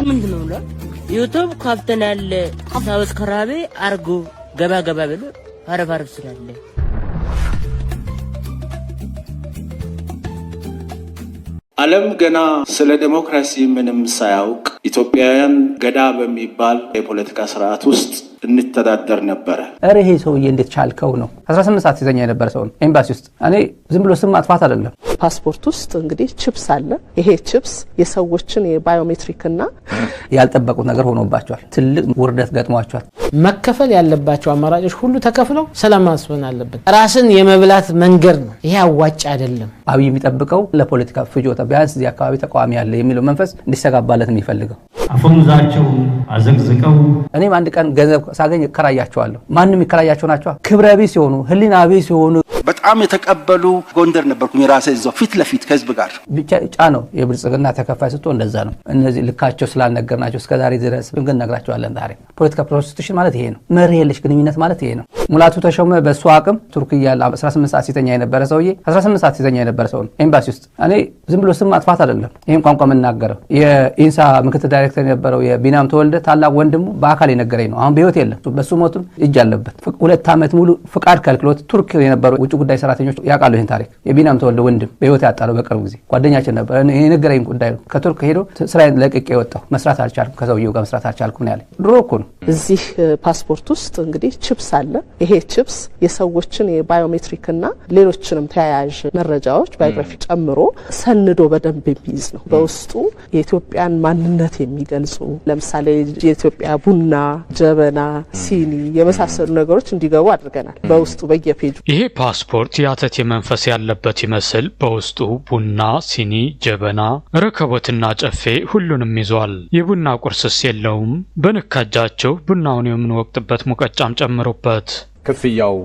ችግር ምንድን ነው? ዩቱብ ካፍተናል ሰብስክራይብ አርጉ ገባ ገባ ብሎ አረፍ አረፍ ስላለ ዓለም ገና ስለ ዲሞክራሲ ምንም ሳያውቅ ኢትዮጵያውያን ገዳ በሚባል የፖለቲካ ስርዓት ውስጥ እንተዳደር ነበረ። ኧረ ይሄ ሰውዬ እንዴት ቻልከው ነው። 18 ሰዓት ሲዘኛ የነበረ ሰው ነው ኤምባሲ ውስጥ። እኔ ዝም ብሎ ስም ማጥፋት አይደለም። ፓስፖርት ውስጥ እንግዲህ ቺፕስ አለ። ይሄ ቺፕስ የሰዎችን የባዮሜትሪክና ያልጠበቁት ነገር ሆኖባቸዋል። ትልቅ ውርደት ገጥሟቸዋል። መከፈል ያለባቸው አማራጮች ሁሉ ተከፍለው ሰላም ማስፈን አለበት። ራስን የመብላት መንገድ ነው ይሄ። አዋጭ አይደለም። አብይ የሚጠብቀው ለፖለቲካ ፍጆታ ቢያንስ እዚህ አካባቢ ተቃዋሚ አለ የሚለው መንፈስ እንዲሰጋባለት የሚፈልገው አፈሙዛቸው አዘግዝቀው እኔም አንድ ቀን ገንዘብ ሳገኝ እከራያቸዋለሁ። ማንም ይከራያቸው ናቸዋ። ክብረ ቢስ ሲሆኑ፣ ህሊና ቢስ ሲሆኑ በጣም የተቀበሉ ጎንደር ነበርኩ። የራሴ እዛው ፊት ለፊት ከህዝብ ጋር ብቻ ጫ ነው የብልጽግና ተከፋይ ስትሆን እንደዛ ነው። እነዚህ ልካቸው ስላልነገርናቸው እስከዛሬ ድረስ ግን እነግራቸዋለን። ዛሬ ፖለቲካ ፕሮስቲቱሽን ማለት ይሄ ነው። መርህ የለሽ ግንኙነት ማለት ይሄ ነው። ሙላቱ ተሾመ በእሱ አቅም ቱርክ እያለ 18 ሰዓት ሲተኛ የነበረ ሰውዬ 18 ሰዓት ሲተኛ የነበረ ሰው ነው ኤምባሲ ውስጥ። እኔ ዝም ብሎ ስም ማጥፋት አይደለም ይህን ቋንቋ የምናገረው። የኢንሳ ምክትል ዳይሬክተር የነበረው የቢናም ተወልደ ታላቅ ወንድሙ በአካል የነገረኝ ነው። አሁን በህይወት የለም። በሱ ሞቱም እጅ አለበት። ሁለት ዓመት ሙሉ ፍቃድ ከልክሎት ቱርክ የነበረው ውጭ ጉዳይ ሰራተኞች ያውቃሉ ይህን ታሪክ። የቢናም ተወልደ ወንድም በህይወት ያጣለው በቅርብ ጊዜ ጓደኛችን ነበር። የነገረኝ ጉዳይ ነው። ከቱርክ ሄዶ ስራ ለቅቄ የወጣሁ መስራት አልቻልኩም፣ ከሰውየው ጋር መስራት አልቻልኩም ነው ያለኝ። ድሮ እኮ ነው። እዚህ ፓስፖርት ውስጥ እንግዲህ ችፕስ አለ። ይሄ ችፕስ የሰዎችን የባዮሜትሪክ ሌሎችንም ተያያዥ መረጃዎች ባዮግራፊ ጨምሮ ሰንዶ በደንብ የሚይዝ ነው። በውስጡ የኢትዮጵያን ማንነት የሚገልጹ ለምሳሌ የኢትዮጵያ ቡና፣ ጀበና፣ ሲኒ የመሳሰሉ ነገሮች እንዲገቡ አድርገናል። በውስጡ በየፔጁ ይሄ ፓስ ስፖርት የአተቴ መንፈስ ያለበት ይመስል በውስጡ ቡና፣ ሲኒ፣ ጀበና፣ ረከቦትና ጨፌ ሁሉንም ይዟል። የቡና ቁርስስ የለውም? በንካጃቸው ቡናውን የምንወቅጥበት ሙቀጫም ጨምሮበት። ክፍያው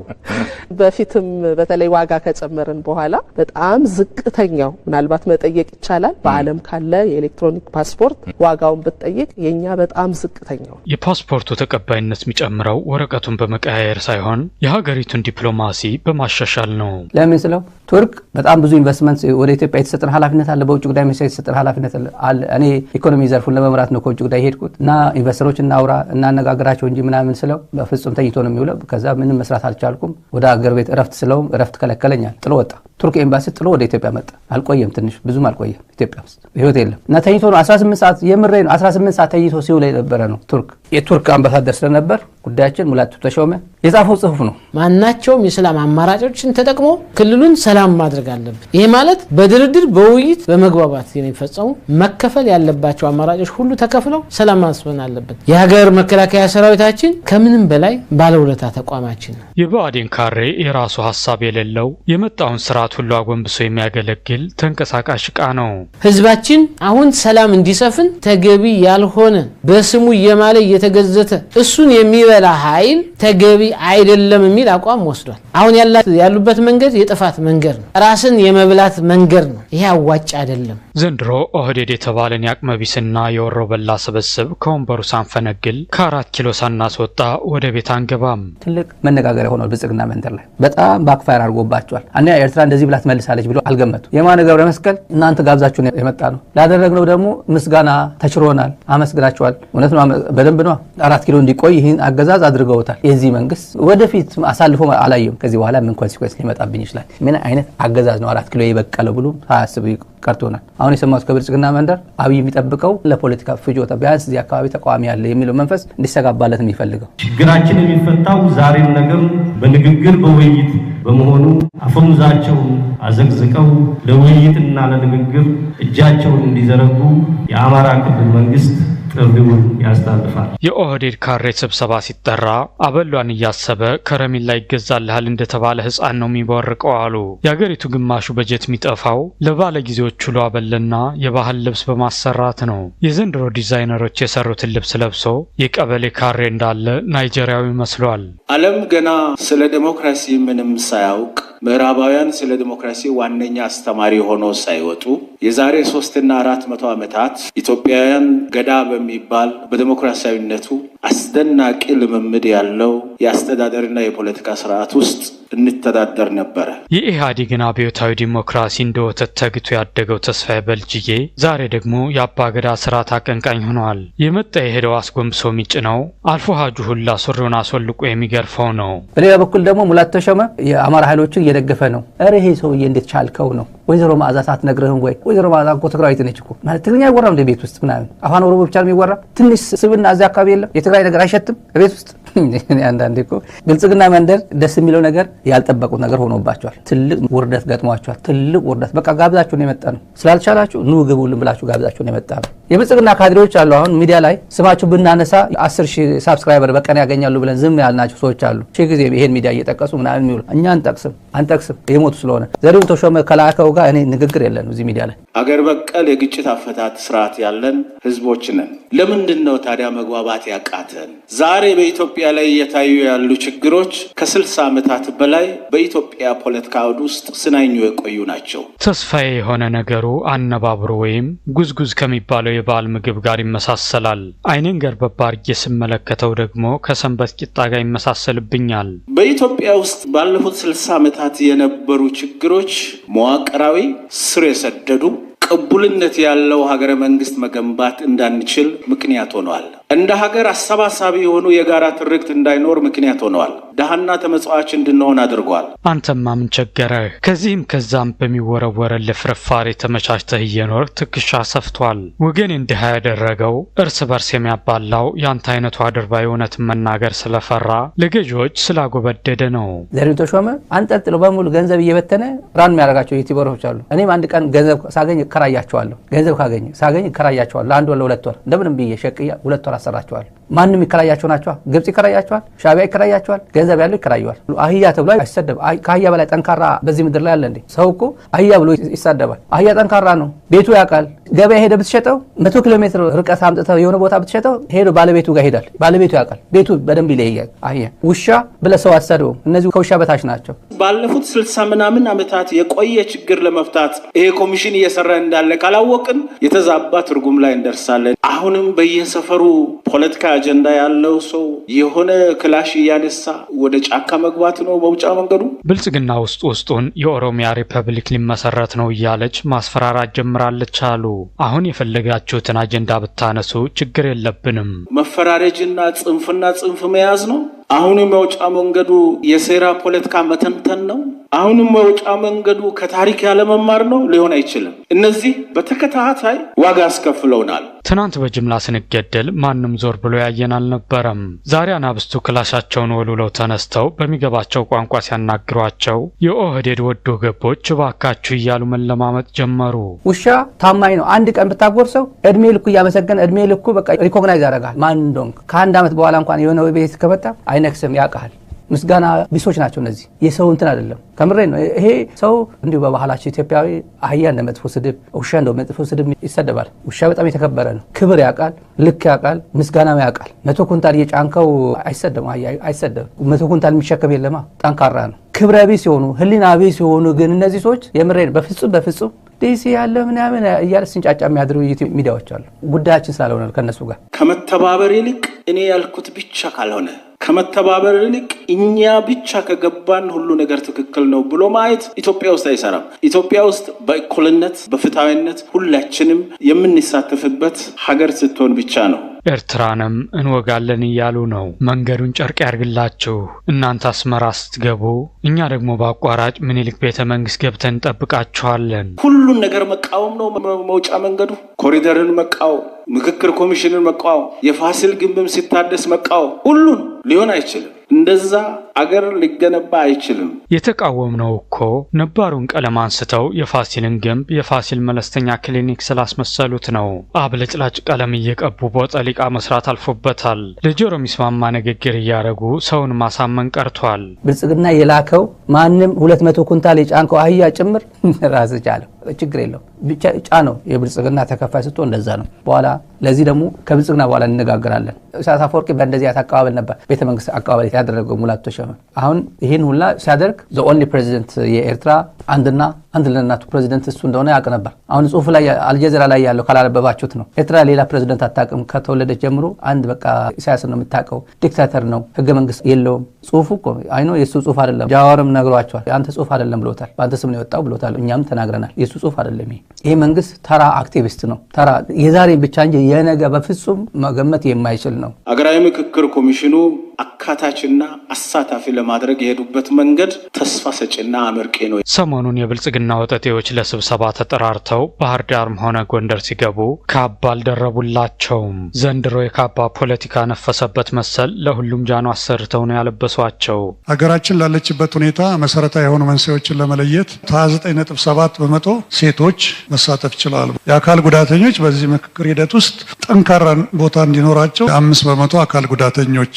በፊትም በተለይ ዋጋ ከጨመርን በኋላ በጣም ዝቅተኛው ምናልባት መጠየቅ ይቻላል በዓለም ካለ የኤሌክትሮኒክ ፓስፖርት ዋጋውን ብትጠይቅ የእኛ በጣም ዝቅተኛው። የፓስፖርቱ ተቀባይነት የሚጨምረው ወረቀቱን በመቀያየር ሳይሆን የሀገሪቱን ዲፕሎማሲ በማሻሻል ነው። ለምን ስለው ቱርክ በጣም ብዙ ኢንቨስትመንት ወደ ኢትዮጵያ የተሰጠን ኃላፊነት አለ፣ በውጭ ጉዳይ ሚኒስቴር የተሰጠን ኃላፊነት አለ። እኔ ኢኮኖሚ ዘርፉን ለመምራት ነው ከውጭ ጉዳይ የሄድኩት እና ኢንቨስተሮች እናውራ እናነጋግራቸው እንጂ ምናምን ስለው በፍጹም ተኝቶ ነው የሚውለው ከዛ ምንም መስራት አልቻልኩም። ወደ አገር ቤት እረፍት ስለውም እረፍት ከለከለኛል ጥሎ ወጣ። ቱርክ ኤምባሲ ጥሎ ወደ ኢትዮጵያ መጣ። አልቆየም፣ ትንሽ ብዙም አልቆየም ኢትዮጵያ ውስጥ ህይወት የለም እና ተኝቶ ነው 18 ሰዓት የምሬ ነው 18 ሰዓት ተኝቶ ሲውል የነበረ ነው። ቱርክ የቱርክ አምባሳደር ስለነበር ጉዳያችን ሙላቱ ተሾመ የጻፈው ጽሁፍ ነው። ማናቸውም የሰላም አማራጮችን ተጠቅሞ ክልሉን ሰላም ማድረግ አለብን። ይህ ማለት በድርድር በውይይት በመግባባት የሚፈጸሙ መከፈል ያለባቸው አማራጮች ሁሉ ተከፍለው ሰላም ማስፈን አለበት። የሀገር መከላከያ ሰራዊታችን ከምንም በላይ ባለውለታ ተቋማችን ነው። የብአዴን ካሬ የራሱ ሀሳብ የሌለው የመጣውን ስራ ለሰዓት ሁሉ አጎንብሶ የሚያገለግል ተንቀሳቃሽ እቃ ነው። ህዝባችን አሁን ሰላም እንዲሰፍን ተገቢ ያልሆነ በስሙ እየማለ እየተገዘተ እሱን የሚበላ ኃይል ተገቢ አይደለም የሚል አቋም ወስዷል። አሁን ያሉበት መንገድ የጥፋት መንገድ ነው። ራስን የመብላት መንገድ ነው። ይሄ አዋጭ አይደለም። ዘንድሮ ኦህዴድ የተባለን የአቅመቢስና የወሮ በላ ስብስብ ከወንበሩ ሳንፈነግል ከአራት ኪሎ ሳናስወጣ ወደ ቤት አንገባም። ትልቅ መነጋገሪያ ሆኗል። ብልጽግና መንደር ላይ በጣም ባክፋየር አድርጎባቸዋል። አንደኛ ኤርትራ እንደዚህ ብላ ትመልሳለች ብሎ አልገመቱ። የማነ ገብረ መስቀል እናንተ ጋብዛችሁን የመጣ ነው። ላደረግነው ደግሞ ምስጋና ተችሮናል። አመስግናቸዋል። እውነት ነው፣ በደንብ ነ አራት ኪሎ እንዲቆይ ይህን አገዛዝ አድርገውታል። የዚህ መንግስት ወደፊት አሳልፎ አላየም። ከዚህ በኋላ ምን ኮንሲኮንስ ሊመጣብኝ ይችላል? ምን አይነት አገዛዝ ነው አራት ኪሎ የበቀለ ብሎ ሳያስብ ቀርቶናል። አሁን የሰማሁት ከብልጽግና መንደር አብይ የሚጠብቀው ለፖለቲካ ፍጆታ ቢያንስ እዚህ አካባቢ ተቃዋሚ ያለ የሚለው መንፈስ እንዲሰጋባለት የሚፈልገው ችግራችን የሚፈታው ዛሬም ነገም በንግግር በውይይት በመሆኑ አፈሙዛቸው አዘግዝቀው ለውይይትና ለንግግር እጃቸውን እንዲዘረጉ የአማራ ክልል መንግስት ጥሪውን ያስተላልፋል። የኦህዴድ ካሬ ስብሰባ ሲጠራ አበሏን እያሰበ ከረሜላ ይገዛልሃል እንደተባለ ህፃን ነው የሚበርቀው አሉ። የአገሪቱ ግማሹ በጀት የሚጠፋው ለባለጊዜዎች ሁሉ አበልና የባህል ልብስ በማሰራት ነው። የዘንድሮ ዲዛይነሮች የሰሩትን ልብስ ለብሶ የቀበሌ ካሬ እንዳለ ናይጄሪያዊ መስሏል። ዓለም ገና ስለ ዴሞክራሲ ምንም ሳያውቅ ምዕራባውያን ስለ ዲሞክራሲ ዋነኛ አስተማሪ ሆኖ ሳይወጡ የዛሬ ሶስትና አራት መቶ ዓመታት ኢትዮጵያውያን ገዳ በ የሚባል በዲሞክራሲያዊነቱ አስደናቂ ልምምድ ያለው የአስተዳደርና የፖለቲካ ስርዓት ውስጥ እንተዳደር ነበረ። የኢህአዴግን አብዮታዊ ዲሞክራሲ እንደ ወተት ተግቶ ያደገው ተስፋዬ በልጅጌ ዛሬ ደግሞ የአባገዳ ስርዓት አቀንቃኝ ሆነዋል። የመጣ የሄደው አስጎንብሶ ሚጭ ነው። አልፎ ሀጁ ሁላ ሱሪውን አስወልቆ የሚገርፈው ነው። በሌላ በኩል ደግሞ ሙላት ተሾመ የአማራ ኃይሎችን እየደገፈ ነው። ኧረ ይሄ ሰውዬ እንዴት ቻልከው ነው። ወይዘሮ መዓዛ ሳትነግረህም ወይ ወይዘሮ መዓዛ እኮ ትግራዊት ነች እኮ ማለት ትግርኛ አይወራም ቤት ውስጥ ምናምን አፋን ኦሮሞ ብቻ የሚወራ ትንሽ ስብና እዚያ አካባቢ የለም ተባይ ነገር አይሸትም? እቤት ውስጥ አንዳንዴ እኮ ብልጽግና መንደር ደስ የሚለው ነገር ያልጠበቁት ነገር ሆኖባቸዋል። ትልቅ ውርደት ገጥሟቸዋል። ትልቅ ውርደት በቃ ጋብዛችሁን የመጣ ነው ስላልቻላችሁ ኑ ግቡልን ብላችሁ ጋብዛችሁን የመጣ ነው። የብልጽግና ካድሬዎች አሉ። አሁን ሚዲያ ላይ ስማችሁ ብናነሳ አስር ሺህ ሳብስክራይበር በቀን ያገኛሉ ብለን ዝም ያልናቸው ሰዎች አሉ። ሺህ ጊዜ ይሄን ሚዲያ እየጠቀሱ ምናምን የሚውሉ እኛ አንጠቅስም አንጠቅስም የሞቱ ስለሆነ ዘሪሁን ተሾመ ከላከው ጋር እኔ ንግግር የለን እዚህ ሚዲያ ላይ። አገር በቀል የግጭት አፈታት ስርዓት ያለን ህዝቦች ነን። ለምንድን ነው ታዲያ መግባባት ያቃተን ዛሬ በኢትዮጵያ ኢትዮጵያ ላይ እየታዩ ያሉ ችግሮች ከስልሳ ዓመታት በላይ በኢትዮጵያ ፖለቲካ አውድ ውስጥ ስናኙ የቆዩ ናቸው። ተስፋዬ የሆነ ነገሩ አነባብሮ ወይም ጉዝጉዝ ከሚባለው የበዓል ምግብ ጋር ይመሳሰላል። አይኔን ገርበባ አድርጌ ስመለከተው ደግሞ ከሰንበት ቂጣ ጋር ይመሳሰልብኛል። በኢትዮጵያ ውስጥ ባለፉት ስልሳ ዓመታት የነበሩ ችግሮች መዋቅራዊ፣ ስር የሰደዱ ቅቡልነት ያለው ሀገረ መንግስት መገንባት እንዳንችል ምክንያት ሆነዋል። እንደ ሀገር አሰባሳቢ የሆኑ የጋራ ትርክት እንዳይኖር ምክንያት ሆነዋል። ደሃና ተመጽዋች እንድንሆን አድርጓል። አንተማ ምን ቸገረ? ከዚህም ከዛም በሚወረወረ ለፍርፋሪ ተመቻችተህ እየኖር ትከሻ ሰፍቷል። ወገን እንዲህ ያደረገው እርስ በርስ የሚያባላው የአንተ አይነቱ አድርባይ እውነትን መናገር ስለፈራ ለገዢዎች ስላጎበደደ ነው። ዘሪቱ ተሾመ አንጠልጥሎ በሙሉ ገንዘብ እየበተነ ራን የሚያደርጋቸው ዩቲዩበሮች አሉ። እኔም አንድ ቀን ገንዘብ ሳገኝ እከራያቸዋለሁ። ገንዘብ ካገኘ ሳገኝ እከራያቸዋለሁ። ለአንድ ወር ለሁለት ወር እንደምንም ብዬ ሸቅያ ሁለት ወር አሰራቸዋል። ማንም ይከራያቸው ናቸዋ። ግብፅ ይከራያቸዋል፣ ሻቢያ ይከራያቸዋል፣ ገንዘብ ያለው ይከራየዋል። አህያ ተብሎ አይሰደብ። ከአህያ በላይ ጠንካራ በዚህ ምድር ላይ አለ እንዴ? ሰው እኮ አህያ ብሎ ይሳደባል። አህያ ጠንካራ ነው፣ ቤቱ ያውቃል ገበያ ሄደ ብትሸጠው መቶ ኪሎ ሜትር ርቀት አምጥተው የሆነ ቦታ ብትሸጠው ሄዶ ባለቤቱ ጋር ሄዳል። ባለቤቱ ያውቃል፣ ቤቱ በደንብ ይለያል። አየ ውሻ ብለህ ሰው አሰድበው። እነዚህ ከውሻ በታች ናቸው። ባለፉት ስልሳ ምናምን ዓመታት የቆየ ችግር ለመፍታት ይሄ ኮሚሽን እየሰራ እንዳለ ካላወቅን የተዛባ ትርጉም ላይ እንደርሳለን። አሁንም በየሰፈሩ ፖለቲካ አጀንዳ ያለው ሰው የሆነ ክላሽ እያነሳ ወደ ጫካ መግባት ነው መውጫ መንገዱ። ብልጽግና ውስጥ ውስጡን የኦሮሚያ ሪፐብሊክ ሊመሰረት ነው እያለች ማስፈራራት ጀምራለች አሉ አሁን የፈለጋችሁትን አጀንዳ ብታነሱ ችግር የለብንም። መፈራረጅና ጽንፍና ጽንፍ መያዝ ነው። አሁንም መውጫ መንገዱ የሴራ ፖለቲካ መተንተን ነው። አሁንም መውጫ መንገዱ ከታሪክ ያለመማር ነው። ሊሆን አይችልም። እነዚህ በተከታታይ ዋጋ አስከፍለውናል። ትናንት በጅምላ ስንገደል ማንም ዞር ብሎ ያየን አልነበረም። ዛሬ አናብስቱ ክላሻቸውን ወልውለው ተነስተው በሚገባቸው ቋንቋ ሲያናግሯቸው የኦህዴድ ወዶ ገቦች እባካችሁ እያሉ መለማመጥ ጀመሩ። ውሻ ታማኝ ነው። አንድ ቀን ብታጎርሰው እድሜ ልኩ እያመሰገነ እድሜ ልኩ በቃ ሪኮግናይዝ ያደርጋል ማን እንደሆንክ። ከአንድ ዓመት በኋላ እንኳን የሆነ ቤት ከመጣ አይነክስም፣ ያውቃል። ምስጋና ቢሶች ናቸው እነዚህ። የሰው እንትን አይደለም፣ ከምሬ ነው። ይሄ ሰው እንዲሁ በባህላችን ኢትዮጵያዊ አህያ እንደ መጥፎ ስድብ፣ ውሻ እንደ መጥፎ ስድብ ይሰደባል። ውሻ በጣም የተከበረ ነው። ክብር ያውቃል፣ ልክ ያውቃል፣ ምስጋና ያውቃል። መቶ ኩንታል እየጫንከው አይሰደም አህያ አይሰደም መቶ ኩንታል የሚሸከም የለማ ጠንካራ ነው። ክብረ ቢስ ሲሆኑ ህሊና ቢስ ሲሆኑ ግን እነዚህ ሰዎች ነው በፍጹም በፍጹም ዲሲ ያለ ምናምን እያለ ስንጫጫ የሚያድሩ ሚዲያዎች አሉ። ጉዳያችን ስላልሆነ ከእነሱ ጋር ከመተባበር ይልቅ እኔ ያልኩት ብቻ ካልሆነ ከመተባበር ይልቅ እኛ ብቻ ከገባን ሁሉ ነገር ትክክል ነው ብሎ ማየት ኢትዮጵያ ውስጥ አይሰራም። ኢትዮጵያ ውስጥ በእኩልነት በፍትሐዊነት ሁላችንም የምንሳተፍበት ሀገር ስትሆን ብቻ ነው። ኤርትራንም እንወጋለን እያሉ ነው። መንገዱን ጨርቅ ያርግላችሁ። እናንተ አስመራ ስትገቡ፣ እኛ ደግሞ በአቋራጭ ምኒልክ ቤተ መንግስት ገብተን እንጠብቃችኋለን። ሁሉን ነገር መቃወም ነው መውጫ መንገዱ። ኮሪደርን መቃወም፣ ምክክር ኮሚሽንን መቃወም፣ የፋሲል ግንብም ሲታደስ መቃወም፣ ሁሉን ሊሆን አይችልም። እንደዛ አገር ሊገነባ አይችልም። የተቃወምነው እኮ ነባሩን ቀለም አንስተው የፋሲልን ግንብ የፋሲል መለስተኛ ክሊኒክ ስላስመሰሉት ነው። አብለጭላጭ ቀለም እየቀቡ በጠሊቃ መስራት አልፎበታል። ለጆሮ ሚስማማ ንግግር እያደረጉ ሰውን ማሳመን ቀርቷል። ብልጽግና የላከው ማንም ሁለት መቶ ኩንታል የጫንከው አህያ ጭምር ራስ ቻለው ችግር የለው ነው የብልጽግና ተከፋይ ስትሆን እንደዛ ነው። በኋላ ለዚህ ደግሞ ከብልጽግና በኋላ እንነጋገራለን። ኢሳያስ አፈወርቂ በእንደዚህ ያት አቀባበል ነበር ቤተ መንግስት አቀባበል ያደረገው ሙላቱ ተሾመ። አሁን ይህን ሁላ ሲያደርግ ዘ ፕሬዚደንት የኤርትራ አንድና አንድ ለእናቱ ፕሬዚደንት እሱ እንደሆነ ያውቅ ነበር። አሁን ጽሁፍ ላይ አልጀዚራ ላይ ያለው ካላነበባችሁት ነው። ኤርትራ ሌላ ፕሬዚደንት አታውቅም። ከተወለደች ጀምሮ አንድ በቃ ኢሳያስ ነው የምታውቀው። ዲክታተር ነው፣ ህገ መንግስት የለውም። ጽሁፉ እኮ አይኖ የእሱ ጽሁፍ አይደለም። ጃዋርም ነግሯቸዋል። የአንተ ጽሁፍ አይደለም ብሎታል። በአንተ ስም ነው የወጣው ብሎታል። እኛም ተናግረናል። የእሱ ጽሁፍ አይደለም። ይሄ ይህ መንግስት ተራ አክቲቪስት ነው። ተራ የዛሬ ብቻ እንጂ የነገ በፍጹም መገመት የማይችል ነው። አገራዊ ምክክር ኮሚሽኑ አካታችና አሳታፊ ለማድረግ የሄዱበት መንገድ ተስፋ ሰጪና አመርቂ ነው። ሰሞኑን የብልጽግና ወጠጤዎች ለስብሰባ ተጠራርተው ባህር ዳርም ሆነ ጎንደር ሲገቡ ካባ አልደረቡላቸውም። ዘንድሮ የካባ ፖለቲካ ነፈሰበት መሰል ለሁሉም ጃኖ አሰርተው ነው ያለበሷቸው። ሀገራችን ላለችበት ሁኔታ መሰረታዊ የሆኑ መንስኤዎችን ለመለየት ከ29.7 በመቶ ሴቶች መሳተፍ ይችላሉ። የአካል ጉዳተኞች በዚህ ምክክር ሂደት ውስጥ ጠንካራ ቦታ እንዲኖራቸው አምስት በመቶ አካል ጉዳተኞች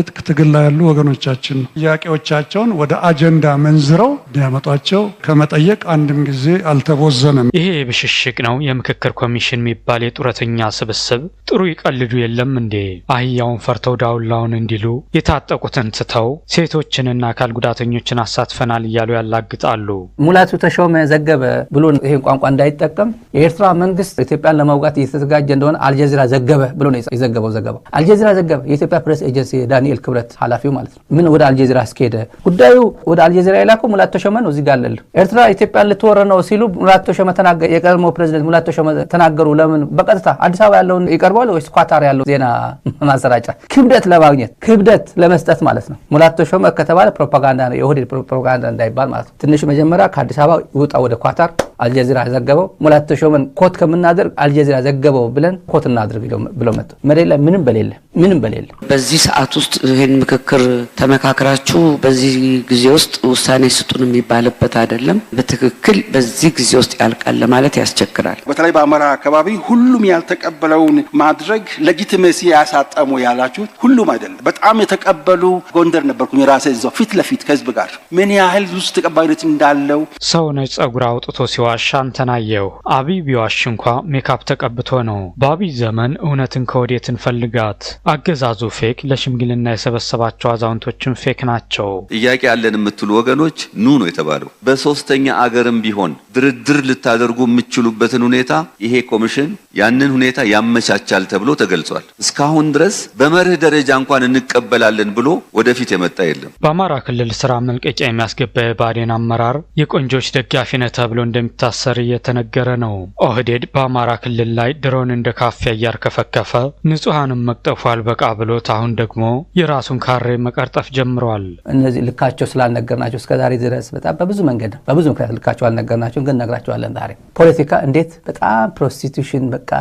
ትጥቅ ትግል ላይ ያሉ ወገኖቻችን ጥያቄዎቻቸውን ወደ አጀንዳ መንዝረው እንዲያመጧቸው ከመጠየቅ አንድም ጊዜ አልተቦዘንም። ይሄ ብሽሽቅ ነው የምክክር ኮሚሽን የሚባል የጡረተኛ ስብስብ። ጥሩ ይቀልዱ የለም እንዴ? አህያውን ፈርተው ዳውላውን እንዲሉ የታጠቁትን ትተው ሴቶችንና አካል ጉዳተኞችን አሳትፈናል እያሉ ያላግጣሉ። ሙላቱ ተሾመ ዘገበ ብሎ ይህን ቋንቋ እንዳይጠቀም የኤርትራ መንግስት ኢትዮጵያን ለመውጋት እየተዘጋጀ እንደሆነ አልጀዚራ ዘገበ ብሎ ነው የዘገበው ዘገባ። አልጀዚራ ዘገበ የኢትዮጵያ ፕሬስ ኤጀንሲ ዳኒ ዳንኤል ክብረት ኃላፊው ማለት ነው። ምን ወደ አልጀዚራ እስከሄደ ጉዳዩ ወደ አልጀዚራ የላኩ ሙላቶ ሸመ ነው። እዚህ ጋር አለሉ ኤርትራ ኢትዮጵያን ልትወረ ነው ሲሉ ሙላቶ ሸመ የቀድሞ ፕሬዚደንት ሙላቶ ሸመ ተናገሩ። ለምን በቀጥታ አዲስ አበባ ያለውን ይቀርባል ወይስ ኳታር ያለው ዜና ማሰራጫ ክብደት ለማግኘት ክብደት ለመስጠት ማለት ነው። ሙላቶ ሸመ ከተባለ ፕሮፓጋንዳ ነው፣ የኦህዴድ ፕሮፓጋንዳ እንዳይባል ማለት ነው። ትንሽ መጀመሪያ ከአዲስ አበባ ይውጣ ወደ ኳታር አልጀዚራ ዘገበው። ሙላቶ ሸመን ኮት ከምናደርግ አልጀዚራ ዘገበው ብለን ኮት እናድርግ ብሎ መጡ። መሬት ላይ ምንም በሌለ ምንም በሌለ በዚህ ሰዓት ውስጥ ይህን ምክክር ተመካክራችሁ በዚህ ጊዜ ውስጥ ውሳኔ ስጡን የሚባልበት አይደለም። በትክክል በዚህ ጊዜ ውስጥ ያልቃል ለማለት ያስቸግራል። በተለይ በአማራ አካባቢ ሁሉም ያልተቀበለውን ማድረግ ለጂትመሲ ያሳጠሙ ያላችሁት ሁሉም አይደለም። በጣም የተቀበሉ ጎንደር ነበርኩኝ ራሴ እዛው ፊት ለፊት ከህዝብ ጋር ምን ያህል ውስጥ ተቀባይነት እንዳለው ሰው ነጭ ጸጉር አውጥቶ ሲዋሻ እንተናየው አብይ ቢዋሽ እንኳ ሜካፕ ተቀብቶ ነው። በአብይ ዘመን እውነትን ከወዴት እንፈልጋት አገዛዙ ፌክ ለሽምግልና የሰበሰባቸው አዛውንቶችም ፌክ ናቸው። ጥያቄ ያለን የምትሉ ወገኖች ኑ ነው የተባለው። በሶስተኛ አገርም ቢሆን ድርድር ልታደርጉ የምችሉበትን ሁኔታ ይሄ ኮሚሽን ያንን ሁኔታ ያመቻቻል ተብሎ ተገልጿል። እስካሁን ድረስ በመርህ ደረጃ እንኳን እንቀበላለን ብሎ ወደፊት የመጣ የለም። በአማራ ክልል ስራ መልቀቂያ የሚያስገባ የባዴን አመራር የቆንጆች ደጋፊ ነህ ተብሎ እንደሚታሰር እየተነገረ ነው። ኦህዴድ በአማራ ክልል ላይ ድሮን እንደ ካፊያ እያርከፈከፈ ንጹሐንም መቅጠፉ አልበቃ ብሎት አሁን ደግሞ የራሱን ካሬ መቀርጠፍ ጀምረዋል። እነዚህ ልካቸው ስላልነገርናቸው እስከዛሬ ድረስ በጣም በብዙ መንገድ ነው፣ በብዙ ምክንያት ልካቸው አልነገርናቸው፣ ግን እነግራቸዋለን። ዛሬ ፖለቲካ እንዴት በጣም ፕሮስቲቱሽን በቃ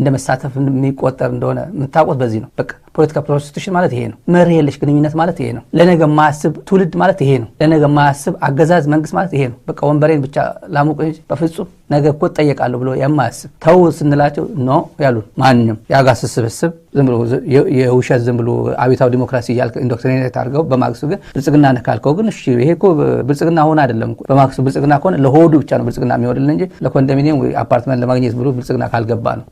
እንደ መሳተፍ የሚቆጠር እንደሆነ የምታውቁት በዚህ ነው። በቃ ፖለቲካ ፕሮስቲቱሽን ማለት ይሄ ነው። መሪ የለሽ ግንኙነት ማለት ይሄ ነው። ለነገ የማያስብ ትውልድ ማለት ይሄ ነው። ለነገ የማያስብ አገዛዝ መንግስት ማለት ይሄ ነው። በቃ ወንበሬን ብቻ ላሙቅ በፍጹም ነገ እኮ እጠየቃለሁ ብሎ የማያስብ ተው ስንላቸው ኖ ያሉን ማንም የአጋስ ስብስብ ዝም ብሎ የውሸት ዝም ብሎ አብዮታዊ ዲሞክራሲ እያልክ ኢንዶክትሪኔት አድርገው በማግስቱ ግን ብልጽግና ነህ ካልከው ግን እሺ ይሄ እኮ ብልጽግና ሆነ አይደለም በማግስቱ ብልጽግና ከሆነ ለሆዱ ብቻ ነው ብልጽግና የሚወድልን እንጂ ለኮንዶሚኒየም አፓርትመንት ለማግኘት ብሎ ብልጽግና ካልገባ ነው።